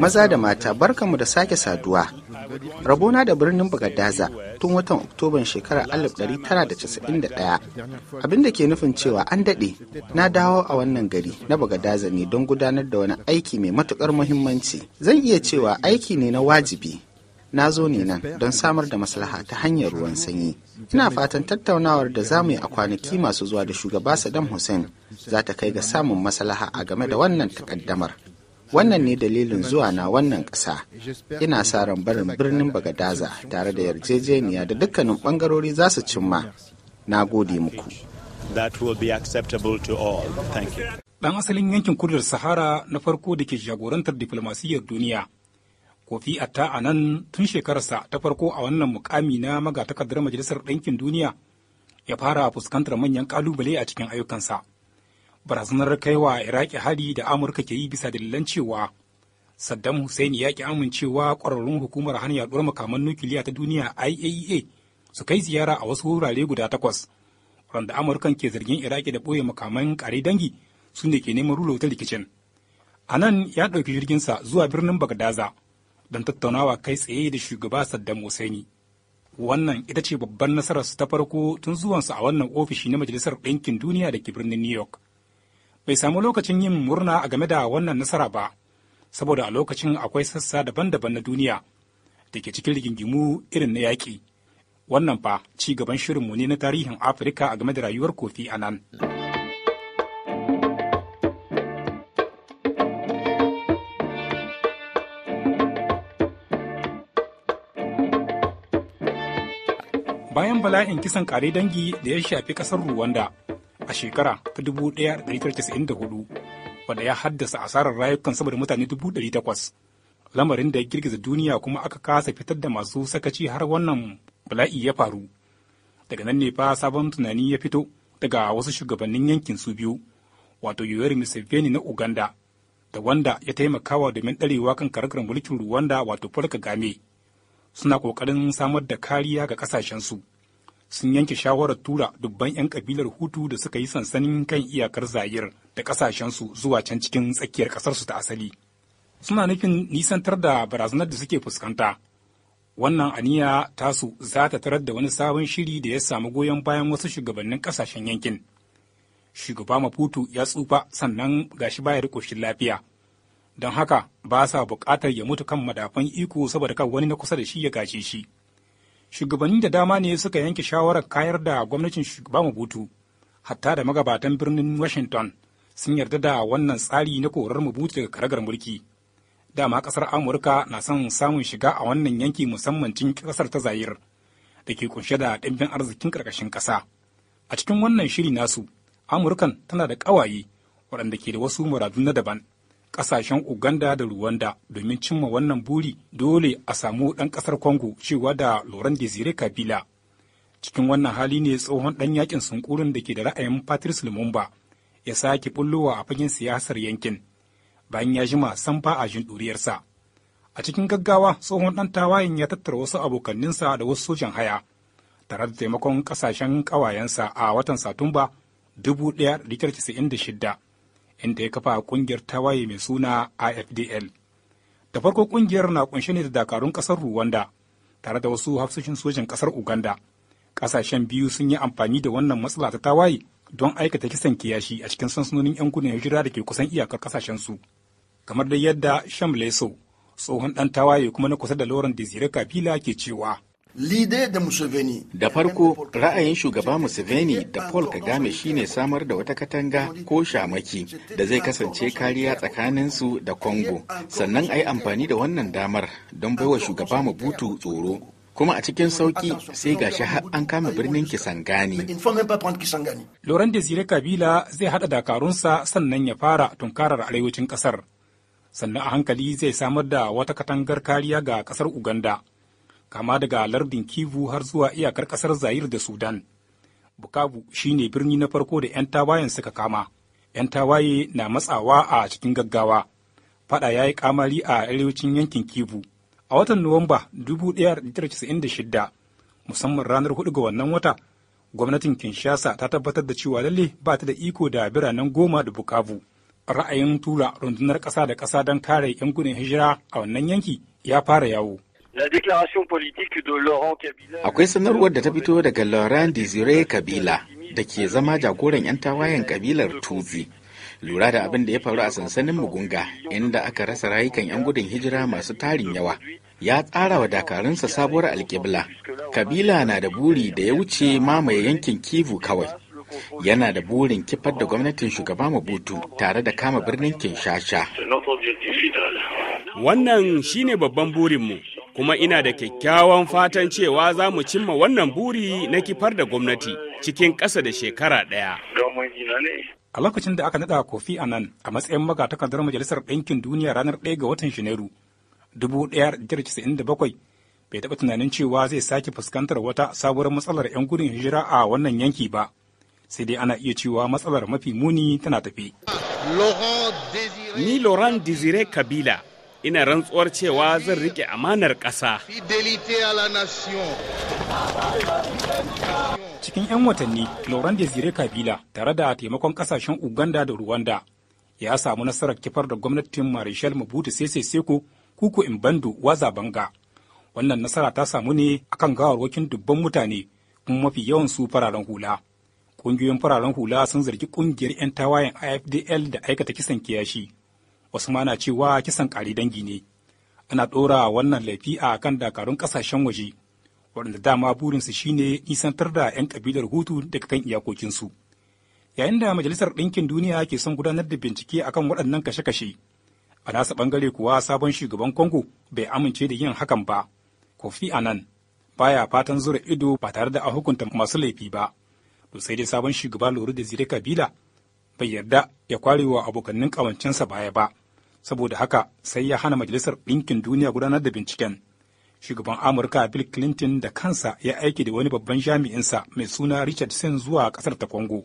Maza da mata barkanmu da sake saduwa. Rabona da birnin Bagadaza tun watan Oktoban shekarar 1991 abinda ke nufin cewa an daɗe na dawo a wannan gari na Bagadaza ne don gudanar da wani aiki mai matuƙar muhimmanci. Zan iya cewa aiki ne na wajibi na zo ne nan don samar da maslaha ta hanyar ruwan sanyi. Ina fatan tattaunawar da za mu yi a kwanaki masu zuwa da shugaba Saddam Hussein za ta kai ga samun maslaha a game da wannan takaddamar. Wannan ne dalilin zuwa na wannan ƙasa. Ina sa ran barin birnin Bagadaza tare da yarjejeniya da dukkanin ɓangarori za su cimma. Na gode muku. dan asalin yankin kudur Sahara na farko da ke jagorantar diflomasiyyar duniya. Kofi Atta a nan tun shekararsa ta farko a wannan mukami na magatakardar Majalisar Ɗinkin Duniya ya fara fuskantar manyan ƙalubale a cikin ayyukansa. barazanar wa iraki hari da amurka ke yi bisa dalilan cewa saddam hussein ya ki amincewa ƙwararrun hukumar hana yaduwar makaman nukiliya ta duniya iaea e su kai ziyara a wasu wurare guda takwas wanda amurkan ke zargin iraki da boye makaman kare dangi su ne ke neman rulo ta rikicin a nan ya ɗauki sa zuwa birnin bagdaza don tattaunawa kai tsaye da shugaba saddam hussein wannan ita ce babban nasararsu ta farko tun zuwansu a wannan ofishi na majalisar ɗinkin duniya da ke birnin new york bai samu lokacin yin murna a game da wannan nasara ba saboda a lokacin akwai sassa daban-daban na duniya da ke cikin rigingimu irin na yaƙi wannan fa ci gaban shirinmu ne na tarihin afirka a game da rayuwar kofi a nan. bayan bala'in kisan kare dangi da ya shafi ƙasar Ruwanda a shekara ta 1994 wanda ya haddasa asarar rayukan sama da mutane 800 lamarin da ya girgiza duniya kuma aka kasa fitar da masu sakaci har wannan bala'i ya faru daga nan ne fa sabon tunani ya fito daga wasu shugabannin yankin su biyu wato yoweri museveni na uganda da wanda ya taimakawa domin ɗarewa kan karakar mulkin ruwanda wato paul game suna ƙoƙarin samar da kariya ga ƙasashensu sun yanke shawarar tura dubban 'yan kabilar hutu da suka yi sansanin kan iyakar zayir da kasashensu zuwa can cikin tsakiyar ƙasarsu ta asali suna nufin nisantar da barazanar da suke fuskanta wannan aniya tasu za ta tarar da wani sabon shiri da ya samu goyon bayan wasu shugabannin ƙasashen yankin shugaba maputo ya tsufa sannan gashi baya da koshin lafiya don haka ba sa bukatar ya mutu kan madafan iko saboda kan wani na kusa da shi ya gashe shi shugabanni da dama ne suka yanke shawarar kayar da gwamnatin shugaba Mabutu, hatta da magabatan birnin Washington sun yarda da wannan tsari na korar Mabutu daga karagar mulki. Dama kasar Amurka na son samun shiga a wannan yanki musamman cin kasar ta Zayir, da ke kunshe da ɗimbin arzikin ƙarƙashin ƙasa. A cikin wannan shiri nasu, Amurkan tana da ƙawaye waɗanda ke da wasu muradu na daban. kasashen Uganda da Rwanda domin cimma wannan buri dole a samu ɗan ƙasar Congo cewa da Laurent Desire Kabila. Cikin wannan hali ne tsohon ɗan yakin sunkurin da ke da ra'ayin Patrice Lumumba ya sake bullowa a fagen siyasar yankin bayan ya jima san ba a jin ɗuriyarsa. A cikin gaggawa tsohon ɗan tawayen ya tattara wasu abokanninsa da wasu sojan haya tare da taimakon ƙasashen ƙawayensa a watan Satumba 1996. inda ya kafa kungiyar tawaye mai suna IFDL. Da farko kungiyar na kunshe ne da dakarun kasar ruwanda tare da wasu hafsoshin sojin kasar Uganda. Kasashen biyu sun yi amfani da wannan matsala ta tawaye don aikata kisan kiyashi a cikin sansanonin 'yan gudun hijira da ke kusan iyakar kasashen su. Kamar da yadda Sham Leso, tsohon ɗan tawaye kuma na kusa da Lauren Desire Kabila ke cewa. Da farko ra'ayin shugaba Museveni da Paul Kagame shine samar da wata katanga ko shamaki da zai kasance kariya tsakaninsu da Congo, sannan ayi amfani da wannan damar don baiwa shugaba Mobutu tsoro. Kuma a cikin sauki sai ga har an kama birnin Kisangani. Laurent Desire Kabila zai hada dakarunsa sannan ya fara tunkarar arewacin kasar Sannan a hankali zai samar da wata katangar kariya ga kasar Uganda. kama daga lardin Kivu har zuwa iyakar ƙasar zayir da Sudan. Bukavu shine birni na farko da 'yan tawayen suka kama. 'Yan tawaye na matsawa a cikin gaggawa. Fada ya yi kamari a arewacin yankin Kivu. A watan Nuwamba 1996, musamman ranar 4 ga wannan wata, gwamnatin Kinshasa ta tabbatar da cewa lalle ba ta da iko da biranen goma da Bukavu. Ra'ayin tura rundunar ƙasa da ƙasa don kare 'yan gudun hijira a wannan yanki ya fara yawo. Akwai sanarwar da ta fito daga Laurent Desire Kabila da ke zama jagoran 'yan tawayen kabilar Tutsi. Lura da abin da ya faru a sansanin Mugunga inda aka rasa rayukan 'yan gudun hijira masu tarin yawa. Ya tsara wa dakarunsa sabuwar alkibla. Kabila na da buri da ya wuce mamaye yankin Kivu kawai. yana da burin kifar da gwamnatin shugaba mabutu tare da kama birnin Kinshasa. Wannan shine babban burinmu. kuma ina da kyakkyawan fatan cewa za mu cimma wannan buri na kifar da gwamnati cikin ƙasa da shekara ɗaya. A lokacin da aka naɗa Kofi a nan a matsayin magatakardar Majalisar Ɗinkin Duniya ranar 1 ga watan Janairu 1997 bai taɓa tunanin cewa zai sake fuskantar wata sabuwar matsalar 'yan gudun hijira a wannan yanki ba. Sai dai ana iya cewa matsalar mafi muni tana tafi. Ni Laurent Desire Kabila ina rantsuwar cewa zan rike amanar ƙasa. Cikin 'yan watanni, Laurent Desire Kabila tare da taimakon kasashen Uganda da Rwanda ya samu nasarar kifar da gwamnatin Marishal Mobutu Sese Seko Kuku bandu Waza Banga. Wannan nasara ta samu ne akan gawarwakin dubban mutane kuma mafi yawan su fararen hula. Ƙungiyoyin fararen hula sun zargi ƙungiyar 'yan tawayen IFDL da aikata kisan kiyashi. wasu ma cewa kisan ƙari dangi ne ana ɗora wannan laifi a kan dakarun ƙasashen waje waɗanda dama burinsu shine nisantar da 'yan ƙabilar hutu daga kan iyakokinsu yayin da majalisar ɗinkin duniya ke son gudanar da bincike akan waɗannan kashe-kashe a nasa ɓangare kuwa sabon shugaban kongo bai amince da yin hakan ba kofi anan baya fatan zura ido ba tare da a hukunta masu laifi ba to sai dai sabon shugaba lura da zire kabila bai yarda ya kwarewa abokannin ƙawancensa baya ba. saboda haka sai ya hana majalisar ɗinkin duniya gudanar da binciken shugaban amurka bill clinton da kansa ya aiki da wani babban jami'insa mai suna richardson zuwa kasar ta congo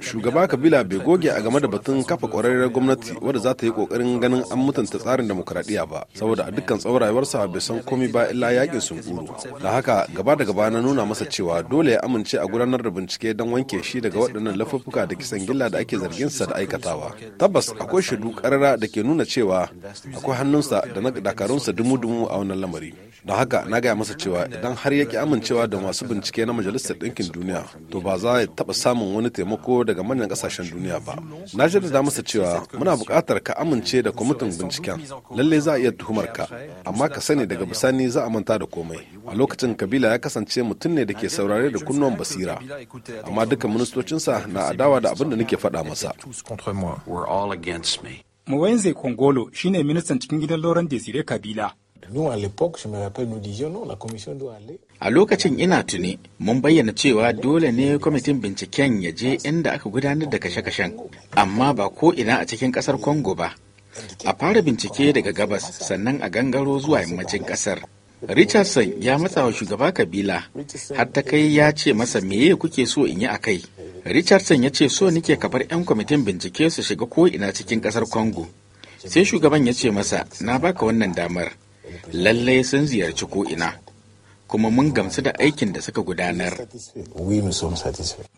shugaba kabila bai goge a game da batun kafa kwararren gwamnati wadda za ta yi kokarin ganin an mutunta tsarin demokuraɗiyya ba saboda a dukkan tsawon rayuwarsa bai san komi ba illa yakin sunkuru da haka gaba da gaba na nuna masa cewa dole ya amince a gudanar da bincike don wanke shi daga waɗannan lafuffuka da kisan gilla da ake zargin sa da aikatawa tabbas akwai shaidu karara da ke nuna cewa akwai hannunsa da na dakarunsa dumu mu a wannan lamari don haka na gaya masa cewa idan har ya amincewa da masu bincike na majalisar ɗinkin duniya to ba za a taɓa samun wani taimako daga manyan ƙasashen duniya ba na jaddada masa cewa muna buƙatar ka amince da kwamitin binciken lalle za a iya tuhumar ka amma ka sani daga bisani za a manta da komai a lokacin kabila ya kasance mutum ne da ke saurare da kunnuwan basira amma duka ministocinsa na adawa da abin da nake faɗa masa Muwenze Kongolo shi ne ministan cikin gidan Laurent Desire Kabila A lokacin ina tuni mun bayyana cewa dole ne kwamitin binciken ya je inda aka gudanar da kashe-kashen, amma ba ko ina a cikin kasar Congo ba. A fara bincike daga gabas sannan a gangaro zuwa yammacin kasar. Richardson ya matsa wa shugaba kabila har ta kai ya ce masa meye kuke so in yi a kai. Richardson ya ce so nike kafar 'yan kwamitin bincike su shiga ko ina cikin kasar Congo. Sai shugaban ya ce masa na baka wannan damar. lallai sun ziyarci ko'ina kuma mun gamsu da aikin da suka gudanar.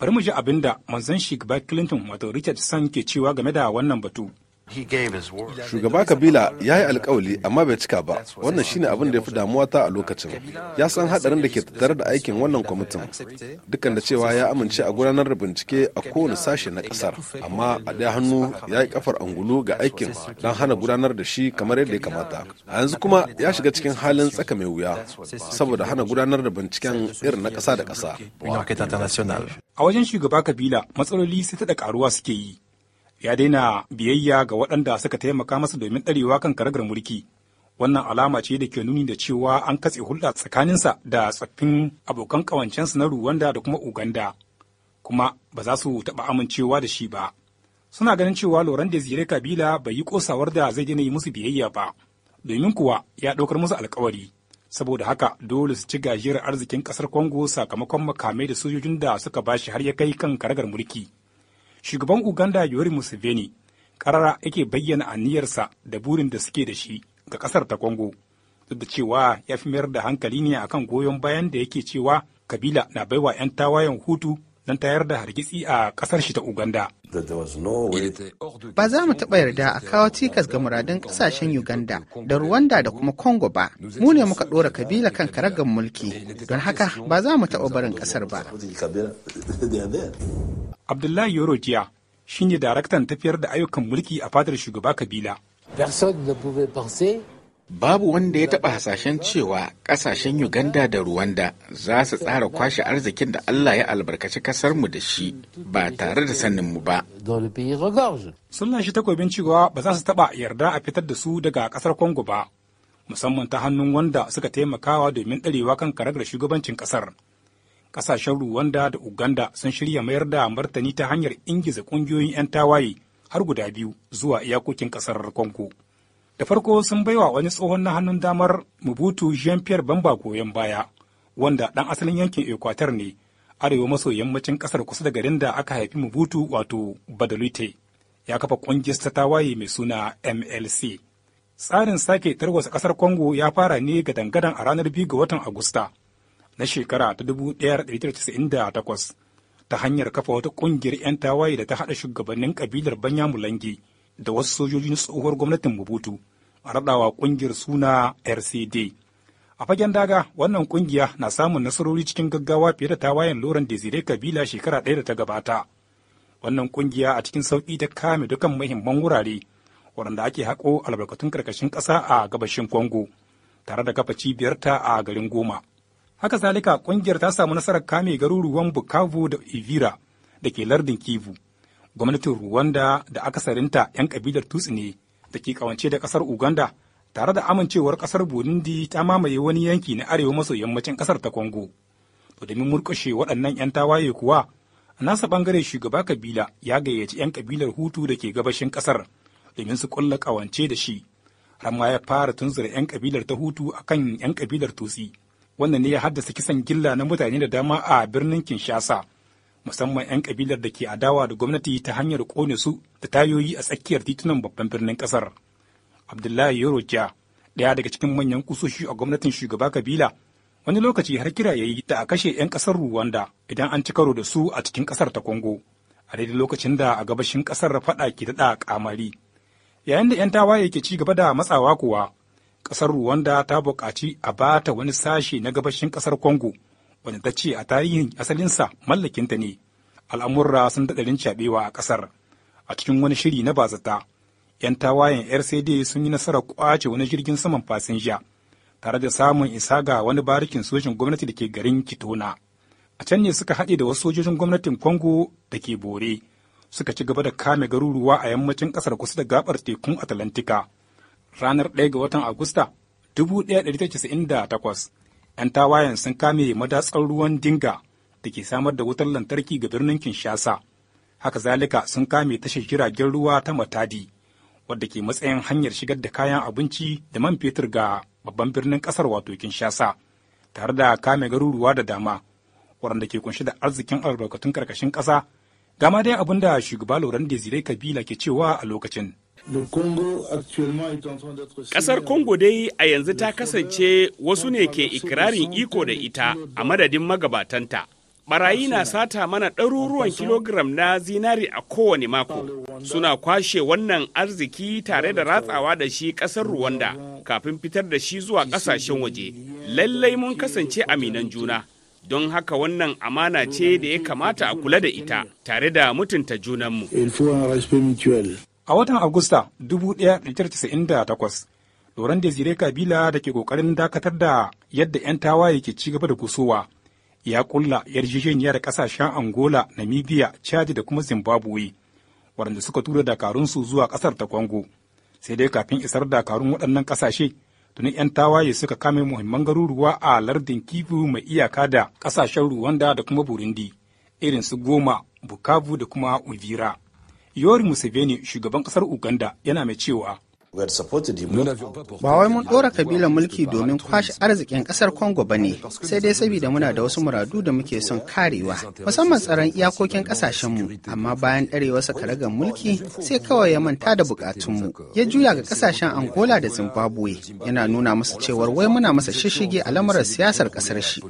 Bari mu ji abin da manzan Clinton wato Richard Sun ke cewa game da wannan batu. Shugaba Kabila ya yi alkawali amma bai cika ba, wannan shine abin da ya fi damuwa ta a lokacin. Ya san hadarin da ke tattare da aikin wannan kwamitin, dukkan da cewa ya amince a gudanar da bincike a kowane sashe na kasar, amma a ɗaya hannu ya yi kafar angulu ga aikin don hana gudanar da shi kamar yadda ya kamata. A yanzu kuma ya shiga cikin halin tsaka mai wuya, saboda hana gudanar da binciken irin na kasa da ƙasa. A wajen shugaba Kabila matsaloli sai ta da ƙaruwa suke yi. ya daina biyayya ga waɗanda suka taimaka masa domin ɗarewa kan karagar mulki wannan alama ce da ke nuni da cewa an katse hulɗa tsakaninsa da tsaffin abokan ƙawancensa na ruwanda da kuma uganda kuma ba za su taɓa amincewa da shi ba suna ganin cewa loran da zire kabila bai yi ƙosawar da zai daina yi musu biyayya ba domin kuwa ya ɗaukar musu alkawari saboda haka dole su ci gajiyar arzikin ƙasar congo sakamakon makamai da sojojin da suka bashi har ya kai kan karagar mulki shugaban uganda yoweri museveni karara yake bayyana aniyarsa da burin da suke da shi ga kasar ta Kongo, duk da cewa ya fi mayar da hankali ne akan goyon bayan da yake cewa kabila na baiwa 'yan tawayen hutu don tayar da hargitsi a kasar shi ta uganda Ba za mu taɓa yarda a kawo cikas ga muradun ƙasashen Uganda da Rwanda da kuma Congo ba. Mu ne muka ɗora kabila kan karagar mulki, don haka ba za mu taɓa barin ƙasar ba. Abdullahi Yorojiya shi ne daraktan tafiyar da ayyukan mulki a fadar shugaba kabila. Babu wanda ya taɓa hasashen cewa ƙasashen Uganda da Rwanda za su tsara kwashe arzikin da Allah ya albarkaci ƙasarmu da shi ba tare da saninmu ba. suna shi takobin cewa ba za su taɓa yarda a fitar da su daga ƙasar Congo ba, musamman ta hannun wanda suka taimakawa domin ɗarewa kan karagar shugabancin ƙasar. Ƙasashen Rwanda da Uganda sun shirya mayar da martani ta hanyar ingiza ƙungiyoyin 'yan tawaye har guda biyu zuwa iyakokin ƙasar Congo. da farko sun baiwa wani tsohon na hannun damar mubutu jean pierre bamba goyon baya wanda ɗan asalin yankin ekwatar ne arewa maso yammacin ƙasar kusa da garin da aka haifi mubutu wato badalite ya kafa ƙungiyar ta tawaye mai suna mlc tsarin sake tarwasa ƙasar congo ya fara ne ga dangadan a ranar 2 ga watan agusta na shekara ta 1998 ta hanyar kafa wata ƙungiyar 'yan tawaye da ta haɗa shugabannin ƙabilar banya mulangi da wasu sojojin tsohuwar gwamnatin Mobutu a raɗawa ƙungiyar suna RCD. A fagen daga wannan ƙungiya na samun nasarori cikin gaggawa fiye da tawayen Loren Desire Kabila shekara ɗaya da ta gabata. Wannan ƙungiya a cikin sauƙi ta kame dukan muhimman wurare waɗanda ake haƙo albarkatun karkashin ƙasa a gabashin kongo tare da kafa ta a garin Goma. Haka zalika ƙungiyar ta samu nasarar kame garuruwan Bukavu da Ivira da ke lardin Kivu. gwamnatin Ruwanda da akasarinta 'yan kabilar tutsi ne da ke kawance da ƙasar Uganda tare da amincewar ƙasar Burundi ta mamaye wani yanki na arewa maso yammacin ƙasar ta Kongo. To domin murƙushe waɗannan 'yan tawaye kuwa, a nasa ɓangare shugaba kabila ya gayyaci 'yan kabilar Hutu da ke gabashin ƙasar domin su ƙulla ƙawance da shi. Ramma ya fara tunzura 'yan kabilar ta Hutu a kan 'yan kabilar Tutsi. Wannan ne ya haddasa kisan gilla na mutane da dama a birnin Kinshasa. musamman 'yan kabilar da ke adawa da gwamnati ta hanyar kone su da tayoyi a tsakiyar titunan babban birnin kasar abdullahi yoroja ɗaya daga cikin manyan kusoshi a gwamnatin shugaba kabila wani lokaci har kira ya yi da a kashe 'yan ƙasar ruwanda idan an ci karo da su a cikin kasar ta Kongo, a daidai lokacin da a gabashin ƙasar faɗa ke daɗa ƙamari. Yayin da 'yan tawaye ke ci gaba da matsawa kuwa, ƙasar ruwanda ta buƙaci a bata wani sashe na gabashin ƙasar Kongo wanda ta ce a tarihin asalinsa mallakinta ne al'amurra sun daɗa caɓewa a ƙasar a cikin wani shiri na bazata 'yan tawayen rcd sun yi nasarar kwace wani jirgin saman fasinja tare da samun isa ga wani barikin sojin gwamnati da ke garin kitona a can ne suka haɗe da wasu sojojin gwamnatin kongo da ke bore suka ci gaba da kame garuruwa a yammacin ƙasar kusa da gabar tekun atlantika ranar 1 ga watan agusta 1998 'yan tawayen sun kame madatsar ruwan dinga da ke samar da wutar lantarki ga birnin kinshasa haka zalika sun kame tashar jiragen ruwa ta matadi wadda ke matsayin hanyar shigar da kayan abinci da man fetur ga babban birnin ƙasar wato kinshasa tare da kame garuruwa da dama waɗanda ke kunshi da arzikin albarkatun karkashin ƙasa gama dai abin da shugaba loran desire kabila ke cewa a lokacin Ƙasar Congo dai a yanzu ta kasance wasu ne ke ikirarin iko da ita a madadin magabatanta. Barayi na sata mana ɗaruruwan kilogiram na zinari a kowane mako. Suna kwashe wannan arziki tare da ratsawa da shi ƙasar Ruwanda kafin fitar da shi zuwa ƙasashen waje. Lallai mun kasance aminan juna. don haka wannan amana ce da ya kamata a kula da ita tare da mutunta junanmu. A watan Agusta 1998, da Desire Kabila da ke ƙoƙarin dakatar da yadda 'yan tawaye ke ci gaba da kusowa ya kulla yarjejeniya da ƙasashen Angola, Namibia, Chad da kuma Zimbabwe, waɗanda suka tura dakarunsu zuwa ƙasar ta kwango Sai dai kafin isar dakarun waɗannan ƙasashe, tuni 'yan tawaye suka kame muhimman garuruwa a lardin Kivu mai iyaka da ƙasashen ruwanda da kuma Burundi, irin su Goma, Bukavu da kuma Uvira. Yori Museveni shugaban ƙasar Uganda yana mai cewa Ba wai mun ɗora kabila mulki domin kwashe arzikin ƙasar Congo ba ne, sai dai saboda muna da wasu muradu da muke son karewa, musamman tsaron iyakokin ƙasashenmu, amma bayan ɗarewarsa karagar mulki sai kawai ya manta da buƙatunmu. Ya juya ga ƙasashen Angola da Zimbabwe, yana nuna musu cewar wai muna masa shishige a lamarar siyasar ƙasar shi.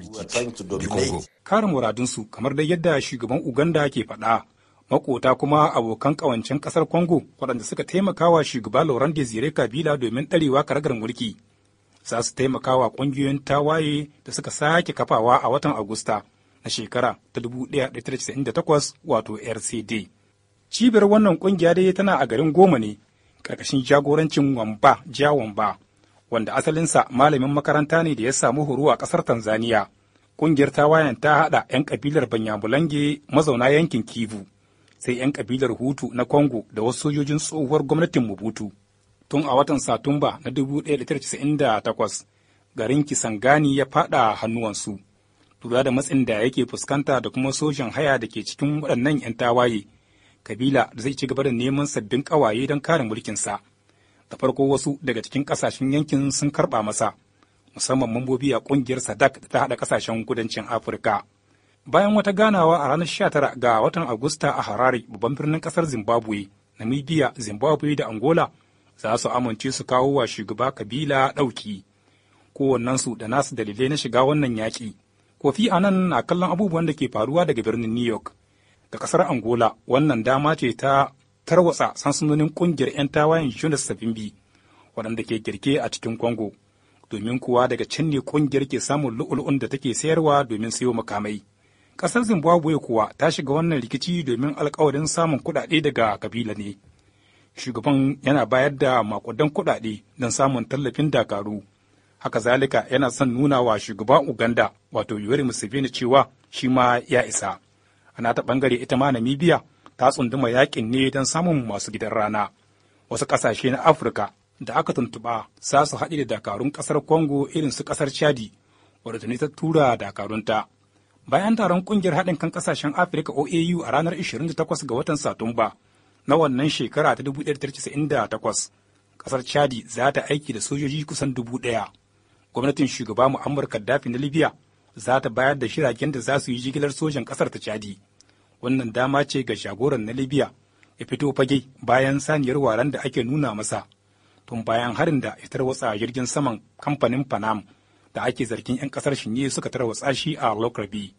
Kare muradunsu kamar dai yadda shugaban Uganda ke faɗa maƙota kuma abokan ƙawancen ƙasar kongo waɗanda suka taimaka wa shugaba Laurent Desire Kabila domin ɗarewa karagar mulki. Za su taimaka wa ƙungiyoyin tawaye da suka sake kafawa a watan Agusta na shekara ta 1998 wato RCD. Cibiyar wannan ƙungiya dai tana a garin Goma ne, ƙarƙashin jagorancin Wamba Ja Wamba, wanda asalinsa malamin makaranta ne da ya samu horo a ƙasar Tanzania. Ƙungiyar tawayen ta haɗa 'yan ƙabilar Banyamulange mazauna yankin Kivu. sai 'yan kabilar hutu na kongo da wasu sojojin tsohuwar gwamnatin mubutu tun a watan satumba na 1998 garin kisangani ya fada hannuwansu lura da matsin da yake fuskanta da kuma sojan haya da ke cikin waɗannan 'yan tawaye kabila da zai ci gaba da neman sabbin ƙawaye don kare mulkinsa da farko wasu daga cikin ƙasashen yankin sun karɓa masa musamman mambobi a ƙungiyar sadak da ta haɗa ƙasashen kudancin afirka bayan wata ganawa a ranar 19 ga watan agusta a harare babban birnin kasar zimbabwe namibia zimbabwe da angola za su amince su kawo wa shugaba kabila ɗauki kowannensu da nasu dalilai na shiga wannan yaƙi kofi a nan na kallon abubuwan da ke faruwa daga birnin new york ga kasar angola wannan dama ce ta tarwatsa sansanonin ƙungiyar 'yan tawayen yunis sabimbi waɗanda ke girke a cikin kongo domin kuwa daga can ne ƙungiyar ke samun lu'u-lu'un da take sayarwa domin sayo makamai Ƙasar Zimbabwe kuwa ta shiga wannan rikici domin alkawarin samun kuɗaɗe daga kabila ne. Shugaban yana bayar da makudan kuɗaɗe don samun tallafin dakaru. Haka zalika yana son nuna wa shugaban Uganda wato Yoweri Museveni cewa shi ma ya isa. Ana ta ɓangare ita ma Namibia ta tsunduma yakin ne don samun masu gidan rana. Wasu ƙasashe na Afirka da aka tuntuɓa za su haɗe da dakarun ƙasar Congo irin su ƙasar Chadi, wadda ta tura dakarunta bayan taron kungiyar haɗin kan ƙasashen afirka oau a ranar 28 ga watan satumba na wannan shekara ta 1998 ƙasar chadi za ta aiki da sojoji kusan dubu ɗaya gwamnatin shugaba mu'ammar kaddafi na libya za ta bayar da shiraken da za su yi jigilar sojan ƙasar ta chadi wannan dama ce ga shagoran na libya ya fito fage bayan saniyar waran da ake nuna masa tun bayan harin da ya tarwatsa jirgin saman kamfanin panam da ake zargin 'yan kasar shi ne suka tarwatsa shi a Lokrabi.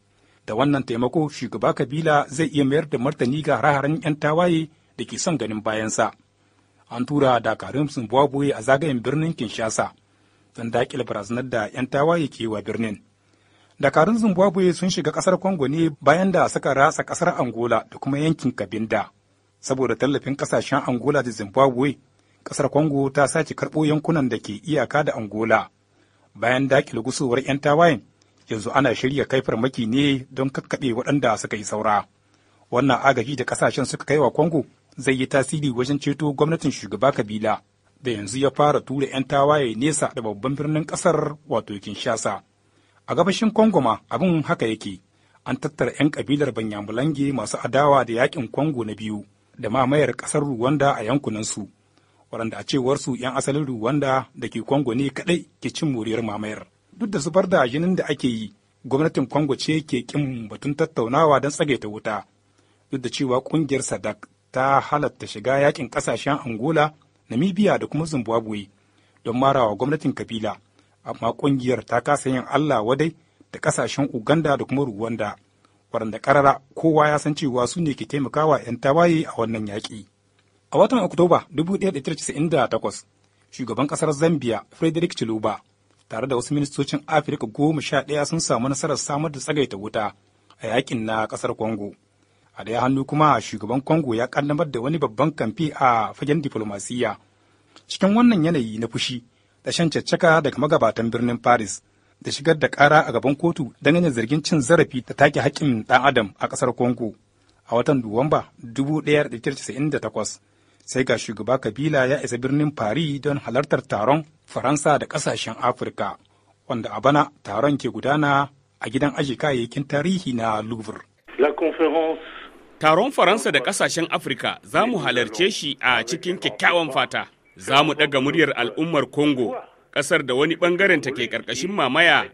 Da wannan taimako shugaba Kabila zai iya mayar da martani ga hare 'yan tawaye da ke son ganin bayansa. An tura dakarun Zimbabwe a zagayen birnin Kinshasa don daƙile barazanar da 'yan tawaye ke wa birnin. Dakarun Zimbabwe sun shiga kasar Congo ne bayan da suka ratsa kasar Angola da kuma yankin Kabinda. Saboda tallafin kasashen Angola da Zimbabwe, kasar Congo ta sace karɓo yankunan da ke iyaka da Angola. bayan dakile gusowar 'yan tawayen yanzu ana shirya kai farmaki ne don kakkaɓe waɗanda suka yi saura wannan agaji da ƙasashen suka kai wa kongo zai yi tasiri wajen ceto gwamnatin shugaba kabila da yanzu ya fara tura 'yan tawaye nesa da babban birnin ƙasar wato kinshasa a gabashin kongo ma abin haka yake an tattara 'yan kabilar banyamulange masu adawa da yakin kongo na biyu da mamayar ƙasar ruwanda a yankunansu waɗanda a cewar su 'yan asalin Ruwanda da ke kwango ne kaɗai ke cin moriyar mamayar. Duk da zubar da jinin da ake yi, gwamnatin kwango ce ke kin batun tattaunawa don tsagaita wuta, duk da cewa ƙungiyar Sadak ta halatta shiga yakin ƙasashen Angola, Namibia da kuma Zimbabwe don marawa gwamnatin kabila, amma ƙungiyar ta kasa yin Allah wadai da ƙasashen Uganda da kuma Ruwanda, waɗanda ƙarara kowa ya san cewa su ne ke taimakawa 'yan tawaye a wannan yaƙi. A watan Oktoba 1998, shugaban ƙasar Zambia Frederick Chiluba tare da wasu ministocin Afirka goma sha ɗaya sun samu nasarar samar da tsagaita wuta a yakin na ƙasar kongo A daya hannu kuma shugaban kongo ya ƙaddamar da wani babban kamfe a fagen diflomasiyya. Cikin wannan yanayi na fushi, da shan caccaka daga magabatan birnin Paris da shigar da kara a gaban kotu dangane zargin cin zarafi da take haƙƙin ɗan adam a ƙasar Congo a watan Nuwamba 1998 sai ga shugaba kabila ya isa birnin paris don halartar taron faransa da ƙasashen afirka wanda a bana taron ke gudana a gidan aji kayayyakin tarihi na louvre taron faransa da ƙasashen afirka za mu halarce shi a cikin kyakkyawan fata za mu ɗaga muryar al'ummar congo ƙasar da wani ɓangaren ta ke ƙarƙashin mamaya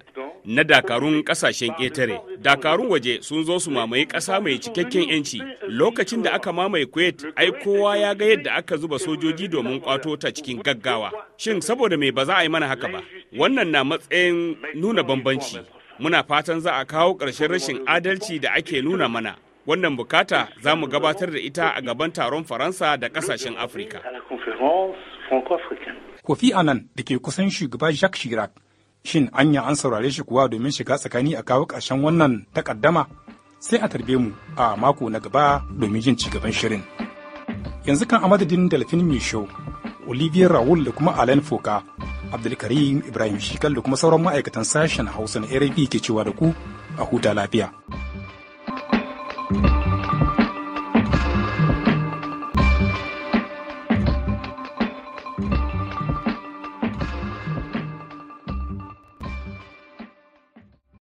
na dakarun kasashen ƙetare. Dakarun waje sun zo su mamaye ƙasa mai cikakken 'yanci. Lokacin da aka mamaye Kuwait, ai kowa ya ga yadda aka zuba sojoji domin kwato ta cikin gaggawa. Shin saboda mai ba za a yi mana haka ba? Wannan na matsayin nuna bambanci. Muna fatan za a kawo ƙarshen rashin adalci da ake nuna mana. Wannan bukata za mu gabatar da ita a gaban taron Faransa da ƙasashen Afirka. Kofi anan da ke kusan shugaba Jacques Chirac shin anya an saurare shi kuwa domin shiga tsakani a kawo ƙarshen wannan takaddama sai a tarbe mu a mako na gaba domin jin ci gaban shirin yanzu kan a madadin delphine misho olivier rawul da kuma alain foka abdulkarim ibrahim shikal da kuma sauran ma'aikatan sashen hausa na rfi ke cewa da ku a huta lafiya